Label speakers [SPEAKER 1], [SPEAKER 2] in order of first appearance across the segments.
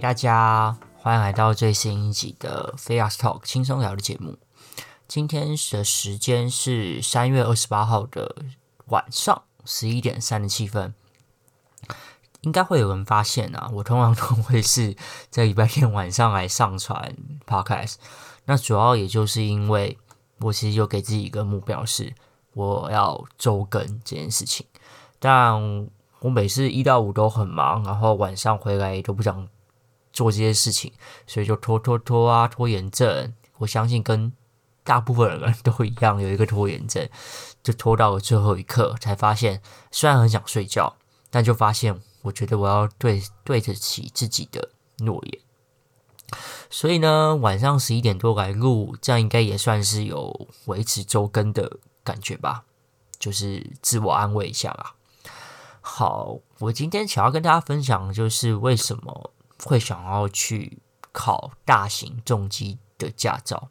[SPEAKER 1] 大家歡迎來到最新一集的《FIASTALK》輕鬆聊的節目。今天的時間是三月二十八號的晚上十一點三十七分。應該會有人發現啊，我通常都會是在禮拜天晚上來上傳 Podcast。那主要也就是因為我其實有給自己一個目標是我要週更這件事情，但我每次一到五都很忙，然後晚上回來都不想。做這些事情，所以就拖拖拖啊，拖延症。我相信跟大部分人都一樣，有一個拖延症，就拖到了最後一刻，才發現雖然很想睡覺，但就發現我覺得我要對對得起自己的諾言。所以呢，晚上十一點多來錄，這樣應該也算是有維持周更的感覺吧，就是自我安慰一下啦。好，我今天想要跟大家分享的就是為什麼。會想要去考大型重機的駕照，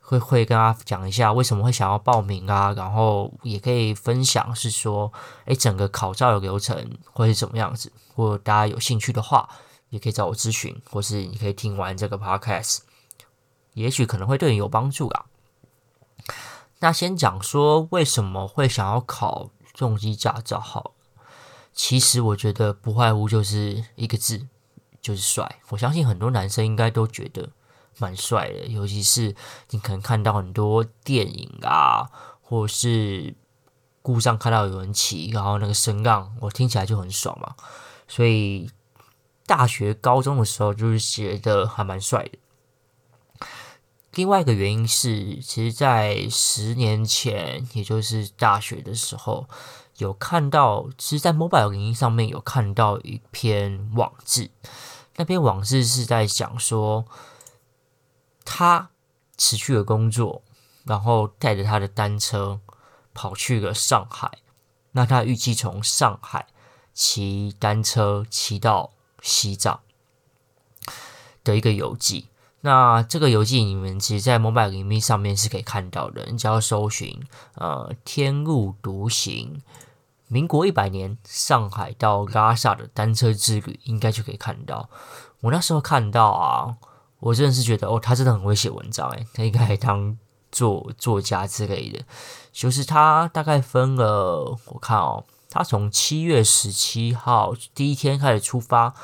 [SPEAKER 1] 會會跟他講一下為什麼會想要報名啊，然後也可以分享是說，哎，整個考照的流程會是怎麼樣子，或大家有興趣的話，也可以找我諮詢，或是你可以聽完這個 podcast，也許可能會對你有幫助啊。那先講說為什麼會想要考重機駕照，好，其實我覺得不外乎就是一個字。就是帥，我相信很多男生應該都覺得蠻帥的，尤其是你可能看到很多電影啊，或是路上看到有人騎，然後那個聲浪，我聽起來就很爽嘛。所以大學、高中的時候就是覺得還蠻帥的。另外一個原因是，其實在十年前，也就是大學的時候，有看到，其實在 Mobile 零一上面有看到一篇網誌。那篇往事是在講說，他辭去了工作，然後帶着他的單車跑去了上海。那他預計從上海騎單車騎到西藏的一個遊記。那這個遊記你們其實，在 Mobile01 上面是可以看到的，你只要搜尋“呃，天路獨行”。民國一百年，上海到拉薩的單車之旅，應該就可以看到。我那時候看到啊，我真的是覺得哦，他真的很會寫文章，欸，誒，他應該還當做作，作家之類的。就是他大概分了，我看哦，他從七月十七號第一天開始出發，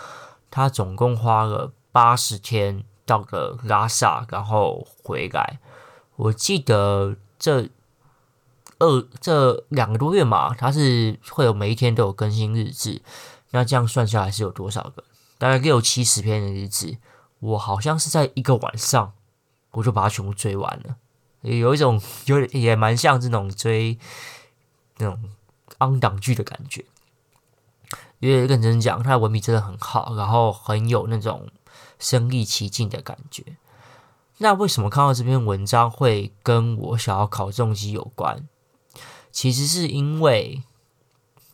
[SPEAKER 1] 他總共花了八十天到了拉薩，然後回來。我記得這。二，這兩個多月嘛，他是會有每一天都有更新日誌，那這樣算下來是有多少個？大概六七十篇的日誌。我好像是在一個晚上我就把它全部追完了，也有一種有也蠻像這種追那種 on 檔劇的感覺，因為認真講，他的文筆真的很好，然後很有那種身歷其境的感覺。那為什麼看到這篇文章會跟我想要考重機有關？其實是因為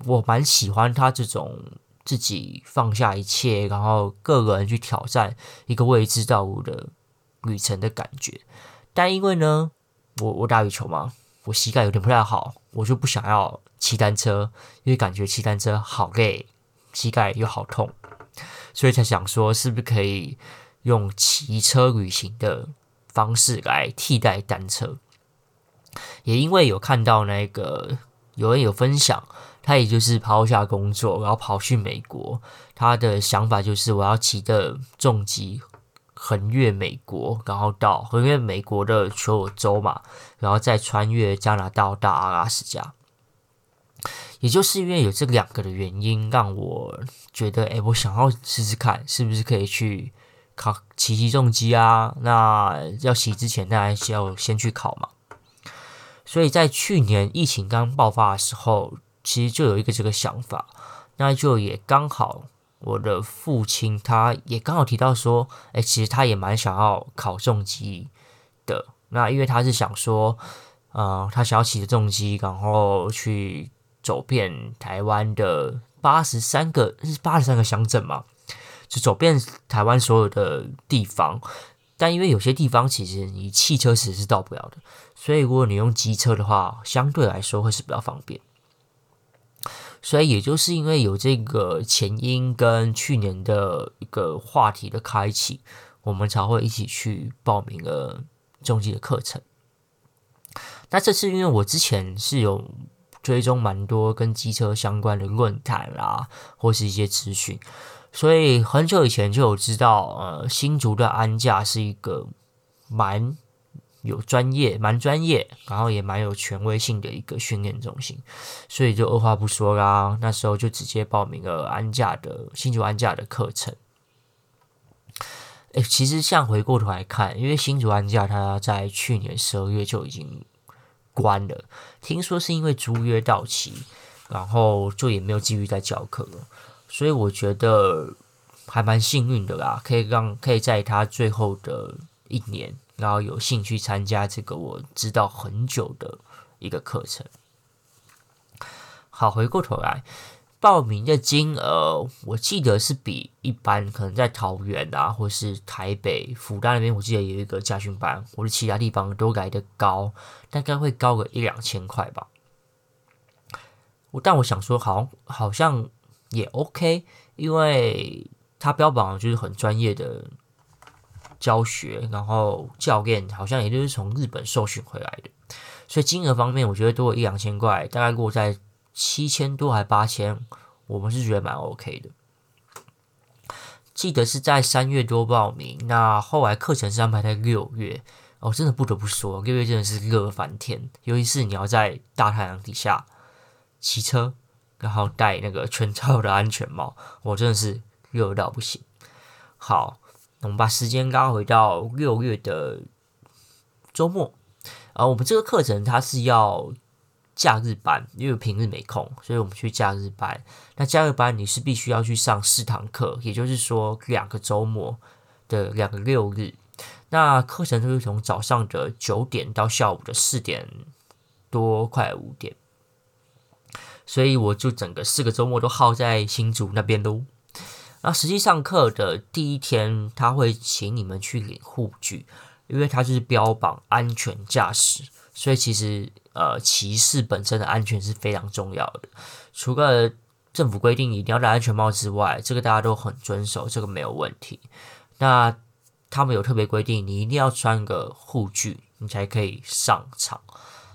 [SPEAKER 1] 我蠻喜歡他這種自己放下一切，然後個人去挑戰一個未知道路的旅程的感覺。但因為呢，我我打羽球嘛，我膝蓋有點不太好，我就不想要騎單車，因為感覺騎單車好累，膝蓋又好痛，所以才想說，是不是可以用騎車旅行的方式來替代單車。也因為有看到那個有人有分享，他也就是拋下工作，然後跑去美國。他的想法就是我要騎着重機橫越美國，然後到橫越美國的所有州嘛，然後再穿越加拿大到阿拉斯加。也就是因為有這兩個的原因，讓我覺得，誒、欸，我想要試試看，是不是可以去考騎機重機啊？那要騎之前，當然是要先去考嘛？所以在去年疫情剛爆發的時候，其實就有一個這個想法，那就也剛好我的父親他也剛好提到說，哎、欸，其實他也蠻想要考重機的。那因為他是想說，啊、呃，他想要騎着重機，然後去走遍台灣的八十三個，是八十三個鄉鎮嘛，就走遍台灣所有的地方。但因為有些地方其實你汽車其實是到不了的。所以，如果你用機車的話，相對來說會是比較方便。所以，也就是因為有這個前因跟去年的一個話題的開啟，我們才會一起去報名了中級的課程。那這次因為我之前是有追蹤蠻多跟機車相關的論壇啦，或是一些資訊，所以很久以前就有知道，呃，新竹的安駕是一個蠻。有專業，蠻專業，然後也蠻有權威性的一個訓練中心，所以就二話不說啦，那時候就直接報名了安駕的，新竹安駕的課程。哎，其實像回過頭來看，因為新竹安駕他在去年十二月就已經關了，聽說是因為租約到期，然後就也沒有繼續在教課了，所以我覺得還蠻幸運的啦，可以讓可以在他最後的一年，然後有興趣參加這個我知道很久的一個課程。好，回過頭來，報名的金額我記得是比一般可能在桃園啊，或是台北、輔大那邊，我記得有一個駕訓班或者其他地方都來得高，大概會高個一兩千塊吧。我但我想說，好好像也 OK，因為他標榜就是很專業的。教學，然後教練好像也就是從日本受訓回來的，所以金額方面我覺得多了一兩千塊，大概如果在七千多還八千，我們是覺得蠻 OK 的。記得是在三月多報名，那後來課程是安排在六月，哦，真的不得不說，六月真的是熱翻天，尤其是你要在大太陽底下騎車，然後戴那個全套的安全帽，我、哦、真的是熱到不行。好。我們把時間拉回到六月的周末，啊、呃，我們這個課程它是要假日班，因為平日沒空，所以我們去假日班。那假日班你是必須要去上四堂課，也就是說兩個周末的兩個六日。那課程就是從早上的九點到下午的四點多，快五點，所以我就整個四個周末都耗在新竹那邊嘍。那實際上課的第一天，他會請你們去領護具，因為他就是標榜安全駕駛，所以其實呃騎士本身的安全是非常重要的。除了政府規定你一定要戴安全帽之外，這個大家都很遵守，這個沒有問題。那他們有特別規定，你一定要穿個護具，你才可以上場。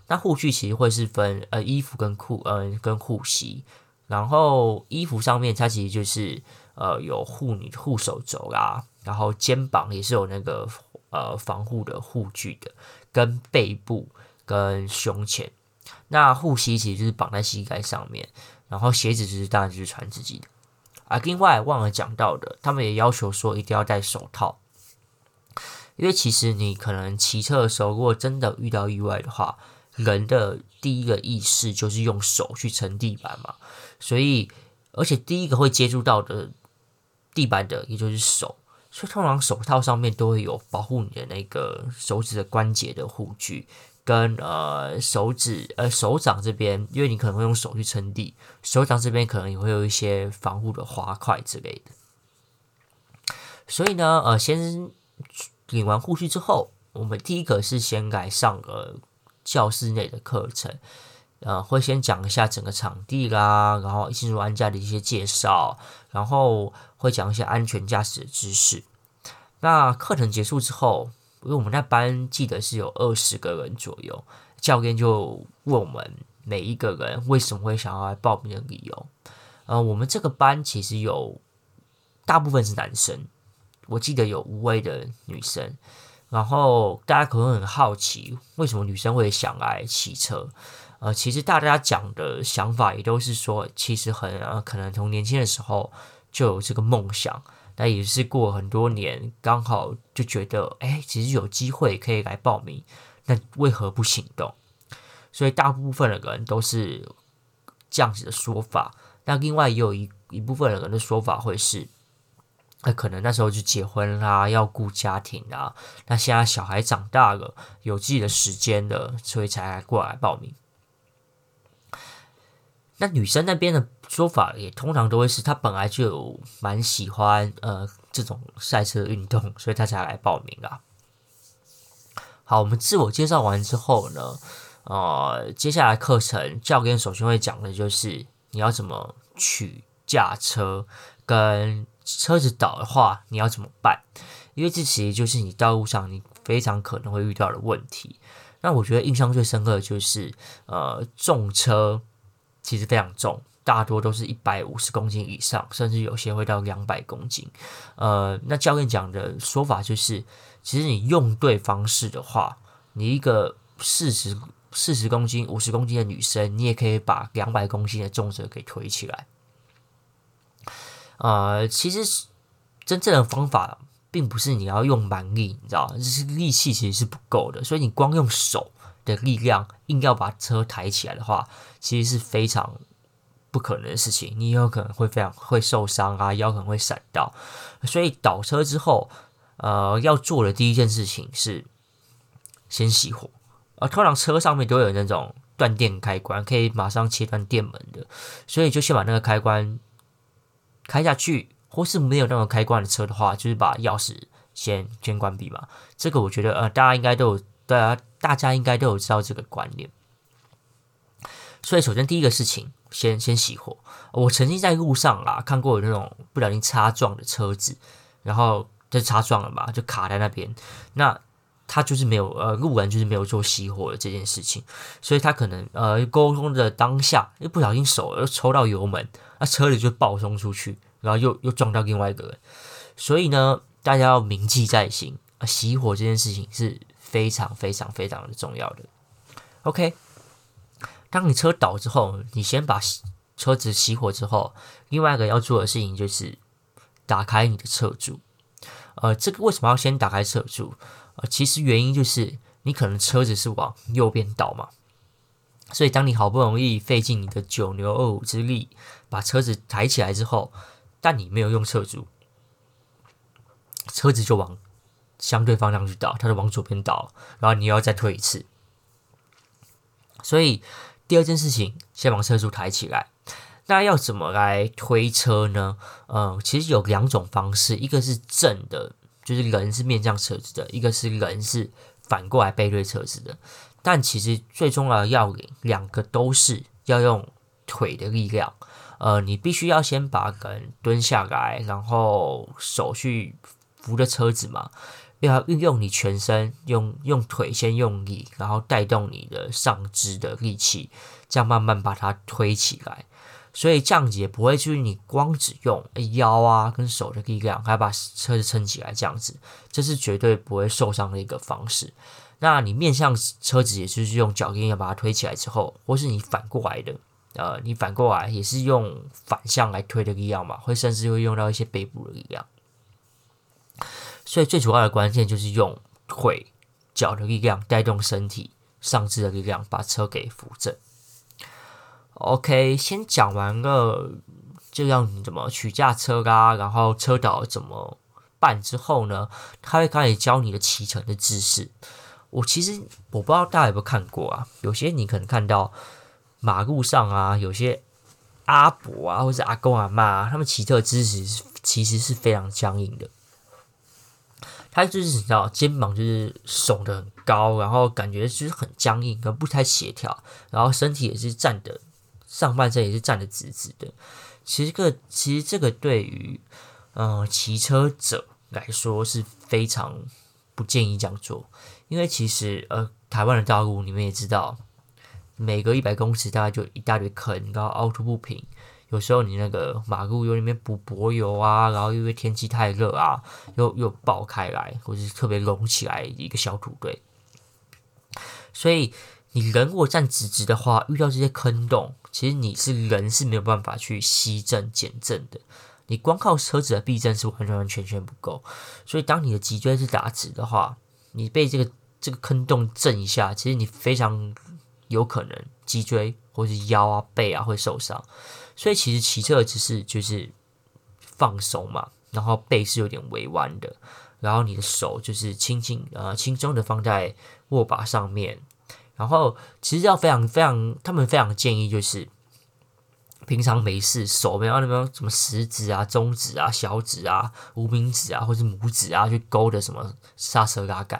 [SPEAKER 1] 那護具其實會是分呃衣服跟褲嗯、呃、跟護膝，然後衣服上面它其實就是。呃，有護你護手肘啊，然後肩膀也是有那個呃防護的護具的，跟背部跟胸前。那護膝其實就是綁在膝蓋上面，然後鞋子其、就是當然就是穿自己的。啊，另外忘了講到的，他們也要求說一定要戴手套，因為其實你可能騎車的時候，如果真的遇到意外的話，人的第一個意識就是用手去撐地板嘛，所以而且第一個會接觸到的。地板的，也就是手，所以通常手套上面都會有保護你的那個手指的關節的護具，跟，呃手指，呃手掌這邊，因為你可能會用手去撐地，手掌這邊可能也會有一些防護的滑塊之類的。所以呢，呃，先領完護具之後，我們第一個是先來上個、呃、教室內的課程。呃，會先講一下整個場地啦，然後進入安駕的一些介紹，然後會講一些安全駕駛的知識。那課程結束之後，因為我們那班記得是有二十個人左右，教練就問我們每一個人為什麼會想要來報名的理由。呃，我們這個班其實有大部分是男生，我記得有五位的女生，然後大家可能很好奇為什麼女生會想來騎車？呃，其實大家講的想法也都是說，其實很、呃、可能從年輕的時候就有這個夢想，那也是過很多年，剛好就覺得，哎，其實有機會可以來報名，那為何不行動？所以大部分的人都是這樣子的說法。那另外也有一一部分的人的說法會是，那、呃、可能那時候就結婚啦、啊，要顧家庭啦、啊，那現在小孩長大了，有自己的時間了，所以才來過來報名。那女生那邊的說法也通常都會是，她本來就蠻喜歡呃這種賽車運動，所以她才來報名啊。好，我們自我介紹完之後呢，呃，接下來課程教練首先會講的就是你要怎麼取駕車，跟車子倒的話你要怎麼辦，因為這其實就是你道路上你非常可能會遇到的問題。那我覺得印象最深刻的就是呃重車，其實非常重，大多都是一百五十公斤以上，甚至有些會到兩百公斤。呃，那教練講的說法就是，其實你用對方式的話，你一個四十四十公斤、五十公斤的女生，你也可以把兩百公斤的重車給推起來。呃，其實真正的方法，並不是你要用蠻力，你知道，是力氣其實是不夠的，所以你光用手。的力量硬要把車抬起來的話，其實是非常不可能的事情。你有可能會非常會受傷啊，腰可能會閃到。所以倒車之後，呃，要做的第一件事情是先熄火。啊、呃，通常車上面都有那種斷電開關，可以馬上切斷電門的。所以就先把那個開關開下去，或是沒有那種開關的車的話，就是把鑰匙先先關閉嘛。這個我覺得，呃，大家應該都有。對啊，大家應該都有知道這個觀念。所以，首先第一個事情，先先熄火、呃。我曾經在路上啦看過有那種不小心擦撞的車子，然後就擦撞了嘛，就卡在那邊。那他就是沒有呃，路人就是沒有做熄火的這件事情，所以他可能呃溝通的當下，又不小心手又抽到油門，那、啊、車子就暴衝出去，然後又又撞到另外一個人。所以呢，大家要銘記在心啊，呃、熄火這件事情是。非常非常非常的重要的，OK。當你車倒之後，你先把車子熄火之後，另外一個要做的事情就是打開你的側柱。呃，這個為什麼要先打開側柱？呃，其實原因就是你可能車子是往右邊倒嘛，所以當你好不容易費盡你的九牛二虎之力把車子抬起來之後，但你沒有用側柱，車子就往。相對方向去倒，它就往左邊倒，然後你又要再推一次。所以第二件事情，先把車速抬起來。那要怎麼來推車呢？呃，其實有兩種方式，一個是正的，就是人是面向車子的；一個是人是反過來背對車子的。但其實最重要的要領，兩個都是要用腿的力量。呃，你必須要先把人蹲下來，然後手去扶着車子嘛。要運用你全身，用用腿先用力，然後帶動你的上肢的力氣，這樣慢慢把它推起來。所以這樣子也不會就是你光只用、哎、腰啊跟手的力量，還把車子撐起來這樣子，這是絕對不會受傷的一個方式。那你面向車子，也就是用腳跟要把它推起來之後，或是你反過來的，呃，你反過來也是用反向來推的力量嘛，會甚至會用到一些背部的力量。所以最主要的關鍵就是用腿腳的力量帶動身體上肢的力量，把車給扶正。OK，先講完了就讓你怎麼取駕車啊，然後車倒怎麼辦之後呢，他會開始教你的騎乘的姿勢。我其實我不知道大家有沒有看過啊，有些你可能看到馬路上啊，有些阿伯啊或者阿公阿嬤啊，他們騎車姿勢其實是非常僵硬的。他就是你知道，肩膀就是聳得很高，然後感覺就是很僵硬，跟不太協調，然後身體也是站的，上半身也是站的直直的。其實個其實這個對於呃騎車者來說是非常不建議這樣做，因為其實呃台灣的道路你們也知道，每隔一百公尺大概就一大堆坑，然後凹凸不平。有時候你那個馬路油裡面補薄油啊，然後因為天氣太熱啊，又又爆開來，或是特別隆起來一個小土堆。所以你人如果站直直的話，遇到這些坑洞，其實你是人是沒有辦法去吸震減震的。你光靠車子的避震是完完全全不夠。所以當你的脊椎是打直的話，你被這個這個坑洞震一下，其實你非常有可能脊椎或是腰啊背啊會受傷。所以其實騎車只是就是放手嘛，然後背是有點微彎的，然後你的手就是輕輕呃輕鬆的放在握把上面，然後其實要非常非常，他們非常建議就是平常沒事手不要那邊什麼食指啊、中指啊、小指啊、無名指啊，或是拇指啊去勾的什麼剎車拉桿，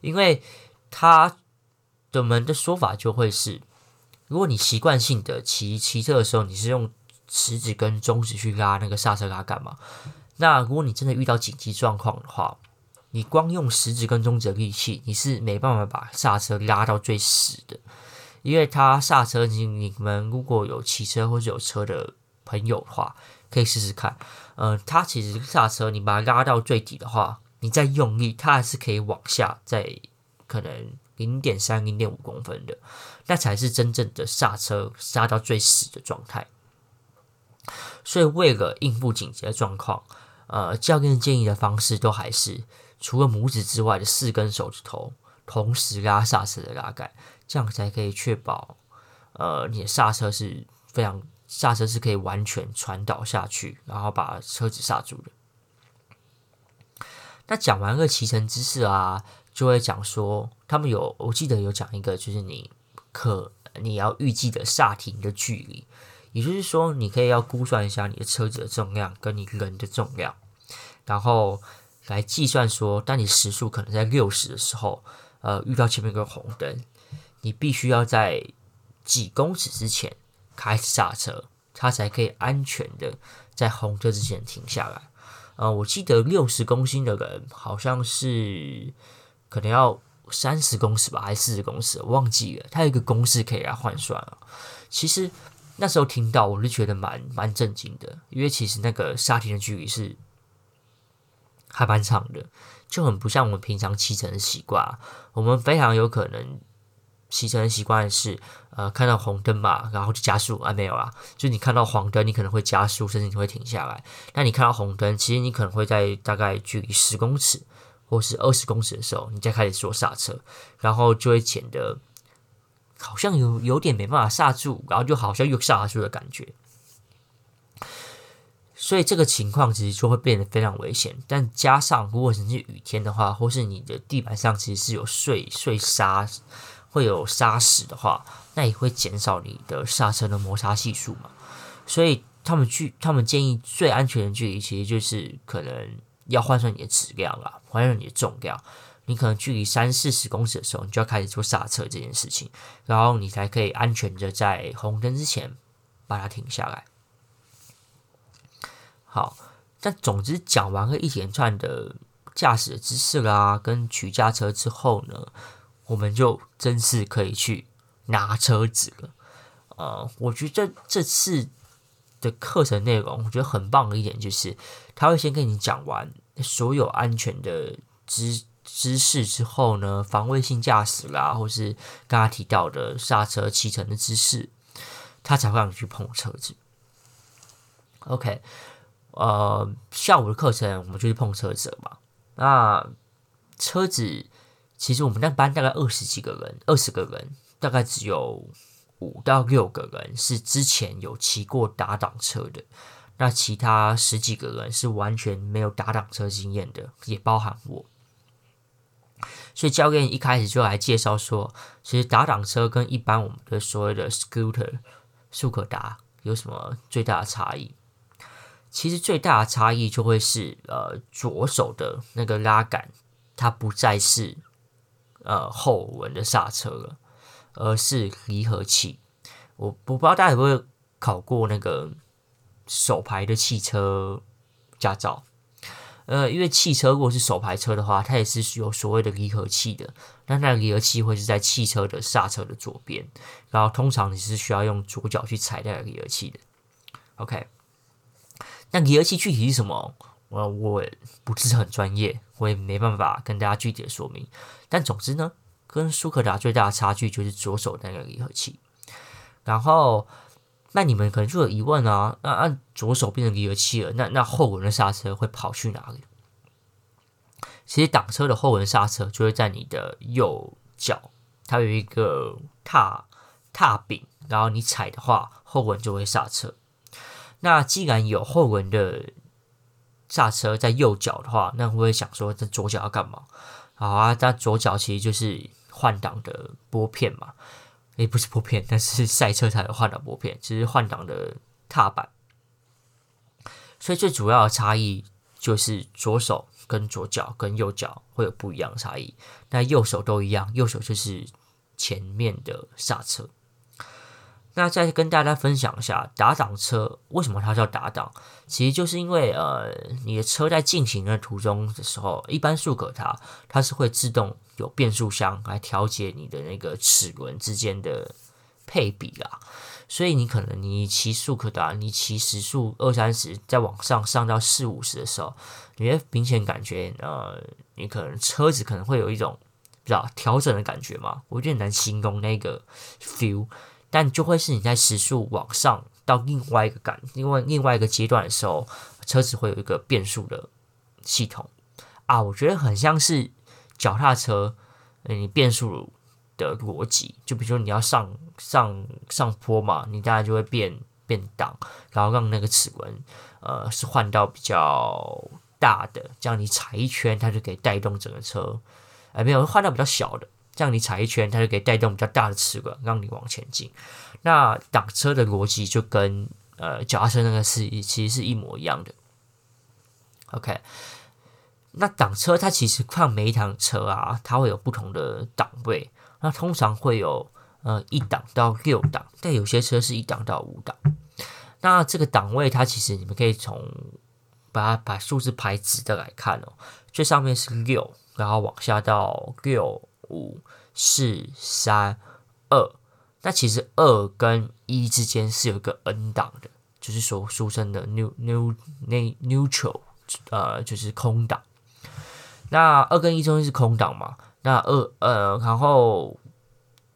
[SPEAKER 1] 因為他的們的說法就會是，如果你習慣性的騎騎車的時候，你是用食指跟中指去拉那個剎車拉桿幹嘛？那如果你真的遇到緊急狀況的話，你光用食指跟中指的力氣，你是沒辦法把剎車拉到最死的，因為它剎車，你你們如果有騎車或者有車的朋友的話，可以試試看。嗯、呃，它其實剎車，你把它拉到最底的話，你再用力，它還是可以往下，再可能零點三、零點五公分的。那才是真正的剎車剎到最死的狀態，所以為了應付緊急的狀況，呃，教練建議的方式都還是除了拇指之外的四根手指頭同時拉剎車的拉桿，這樣才可以確保，呃，你的剎車是非常剎車是可以完全傳導下去，然後把車子剎住的。那講完了騎乘知識啊，就會講說他們有，我記得有講一個，就是你。可你要預計的煞停的距離，也就是說，你可以要估算一下你的車子的重量跟你人的重量，然後來計算說，當你時速可能在六十的時候，呃，遇到前面一個紅燈，你必須要在幾公尺之前開始剎車，它才可以安全的在紅燈之前停下來。呃，我記得六十公斤的人好像是可能要三十公尺吧，還是四十公尺？我忘記了。它有一個公式可以來換算啊。其實那時候聽到，我就覺得蠻蠻震驚的，因為其實那個剎停的距離是還蠻長的，就很不像我們平常騎車的習慣。我們非常有可能騎車習慣是呃，看到紅燈嘛，然後就加速。啊，沒有啦，就是你看到黃燈，你可能會加速，甚至你會停下來。那你看到紅燈，其實你可能會在大概距離十公尺，或是二十公尺的時候，你再開始說剎車，然後就會顯得好像有有點沒辦法剎住，然後就好像又剎住的感覺。所以這個情況其實就會變得非常危險。但加上如果只是雨天的話，或是你的地板上其實是有碎碎沙，會有沙石的話，那也會減少你的剎車的摩擦係數嘛。所以他們去，他們建議最安全的距離，其實就是可能。要換算你的質量啊，換算你的重量，你可能距離三四十公尺的時候，你就要開始做剎車這件事情，然後你才可以安全的在紅燈之前把它停下來。好，但總之講完了一連串的駕駛的知識啦，跟取駕車之後呢，我們就真是可以去拿車子了。呃，我覺得這次的課程內容，我覺得很棒的一點就是，他會先跟你講完。所有安全的知知識之後呢，防衛性駕駛啦，或是剛剛提到的剎車、騎乘的知識，他才會讓你去碰車子。OK，呃，下午的課程我們就去碰車子了嘛。那車子其實我們那班大概二十幾個人，二十個人大概只有五到六個人是之前有騎過打檔車的。那其他十幾個人是完全沒有打擋車經驗的，也包含我，所以教練一開始就來介紹說，其實打擋車跟一般我們的所謂的 scooter 速可達有什麼最大的差異？其實最大的差異就會是，呃，左手的那個拉桿，它不再是呃後輪的剎車了，而是離合器。我不知道大家有沒有考過那個。手排的汽車駕照，呃，因為汽車如果是手排車的話，它也是有所謂的離合器的。那那離合器會是在汽車的剎車的左邊，然後通常你是需要用左腳去踩那個離合器的。OK，那離合器具體是什麼？我我不是很專業，我也沒辦法跟大家具體的說明。但總之呢，跟速克達最大的差距就是左手那個離合器，然後。那你們可能就有疑問啊。那、啊、按左手變成離合器了，那那後輪的剎車會跑去哪裡？其實擋車的後輪剎車就會在你的右腳，它有一個踏踏柄，然後你踩的話，後輪就會剎車。那既然有後輪的剎車在右腳的話，那會不會想說，這左腳要幹嘛？好啊，它左腳其實就是換擋的撥片嘛。欸，不是撥片，但是賽車才有換擋撥片，只、就是換擋的踏板。所以最主要的差異就是左手跟左腳跟右腳會有不一樣的差異，那右手都一樣，右手就是前面的剎車。那再跟大家分享一下，打檔車為什麼它叫打檔？其實就是因為，呃，你的車在進行的途中的時候，一般速可達它是會自動有變速箱來調節你的那個齒輪之間的配比啦。所以你可能你騎速可達、啊，你騎時速二三十，再往上上到四五十的時候，你會明顯感覺，呃，你可能車子可能會有一種，不知道調整的感覺嘛。我覺得很難形容那個 feel。但就會是你在時速往上到另外一個感，另外另外一個階段的時候，車子會有一個變速的系統啊，我覺得很像是腳踏車、呃，你變速的邏輯，就比如說你要上上上坡嘛，你大概就會變變檔，然後讓那個齒輪呃是換到比較大的，這樣你踩一圈它就可以帶動整個車，哎、呃、沒有換到比較小的。這樣你踩一圈，它就可以帶動比較大的齒輪，讓你往前進。那擋車的邏輯就跟呃腳踏車那個是一其實是一模一樣的。OK，那擋車它其實看每一台車啊，它會有不同的檔位。那通常會有呃一檔到六檔，但有些車是一檔到五檔。那這個檔位它其實你們可以從把它把數字排直的來看哦。最上面是六，然後往下到六。五四三二。那其實二跟一之間是有一個 N 檔的，就是說俗稱的 new new 內 ne, neutral，呃，就是空檔。那二跟一中間是空檔嘛？那二呃，然後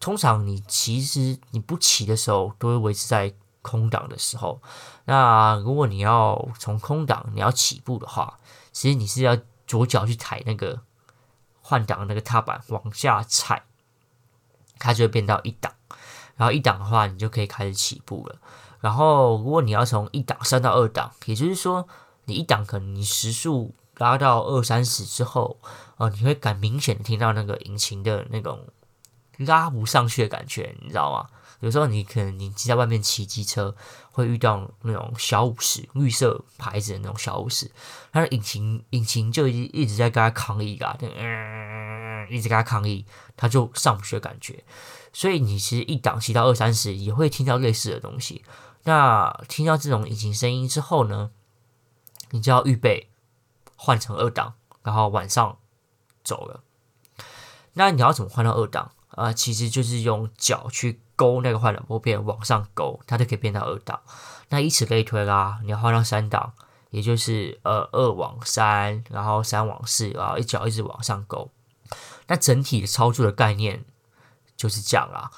[SPEAKER 1] 通常你其實你不騎的時候，都會維持在空檔的時候。那如果你要從空檔你要起步的話，其實你是要左腳去踩那個。換擋那個踏板往下踩，它就會變到一檔，然後一檔的話，你就可以開始起步了。然後如果你要從一檔升到二檔，也就是說，你一檔可能你時速拉到二三十之後，啊、呃，你會感明顯的聽到那個引擎的那種拉不上去的感覺，你知道嗎？有時候你可能你騎在外面騎機車，會遇到那種小五十綠色牌子的那種小五十，它的引擎引擎就一一直在跟他抗議啊，嗯，一直跟他抗議，他就上不去的感覺。所以你其實一檔騎到二三十也會聽到類似的東西。那聽到這種引擎聲音之後呢，你就要預備換成二檔，然後往上走了。那你要怎麼換到二檔啊、呃？其實就是用腳去。勾那個換擋撥片往上勾，它就可以變到二檔。那以此類推啦，你要換到三檔，也就是呃二往三，然後三往四，然後一腳一直往上勾。那整體的操作的概念就是這樣啦。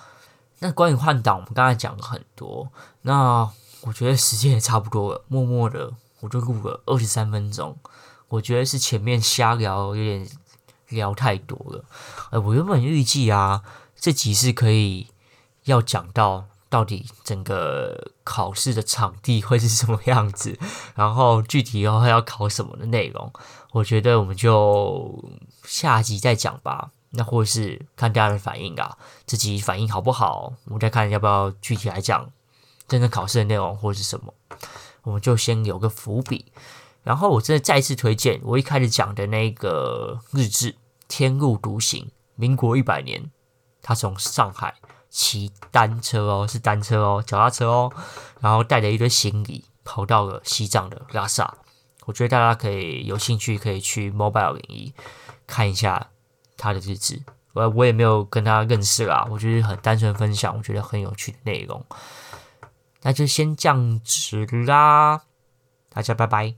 [SPEAKER 1] 那關於換擋，我們剛才講了很多。那我覺得時間也差不多了，默默的我就錄了二十三分鐘。我覺得是前面瞎聊有點聊太多了。呃，我原本預計啊，這集是可以。要講到到底整個考試的場地會是什麼樣子，然後具體要要考什麼的內容，我覺得我們就下集再講吧。那或者是看大家的反應啊，自己反應好不好？我們再看要不要具體來講，真正考試的內容或是什麼，我們就先有個伏筆。然後我真的再次推薦我一開始講的那個日志《天路獨行》，民國一百年，他從上海。騎單車哦，是單車哦，腳踏車哦，然後帶着一堆行李跑到了西藏的拉薩。我覺得大家可以有興趣可以去 Mobile 01看一下他的日誌。我我也沒有跟他認識啦，我就是很單純分享，我覺得很有趣的內容。那就先這樣子啦，大家拜拜。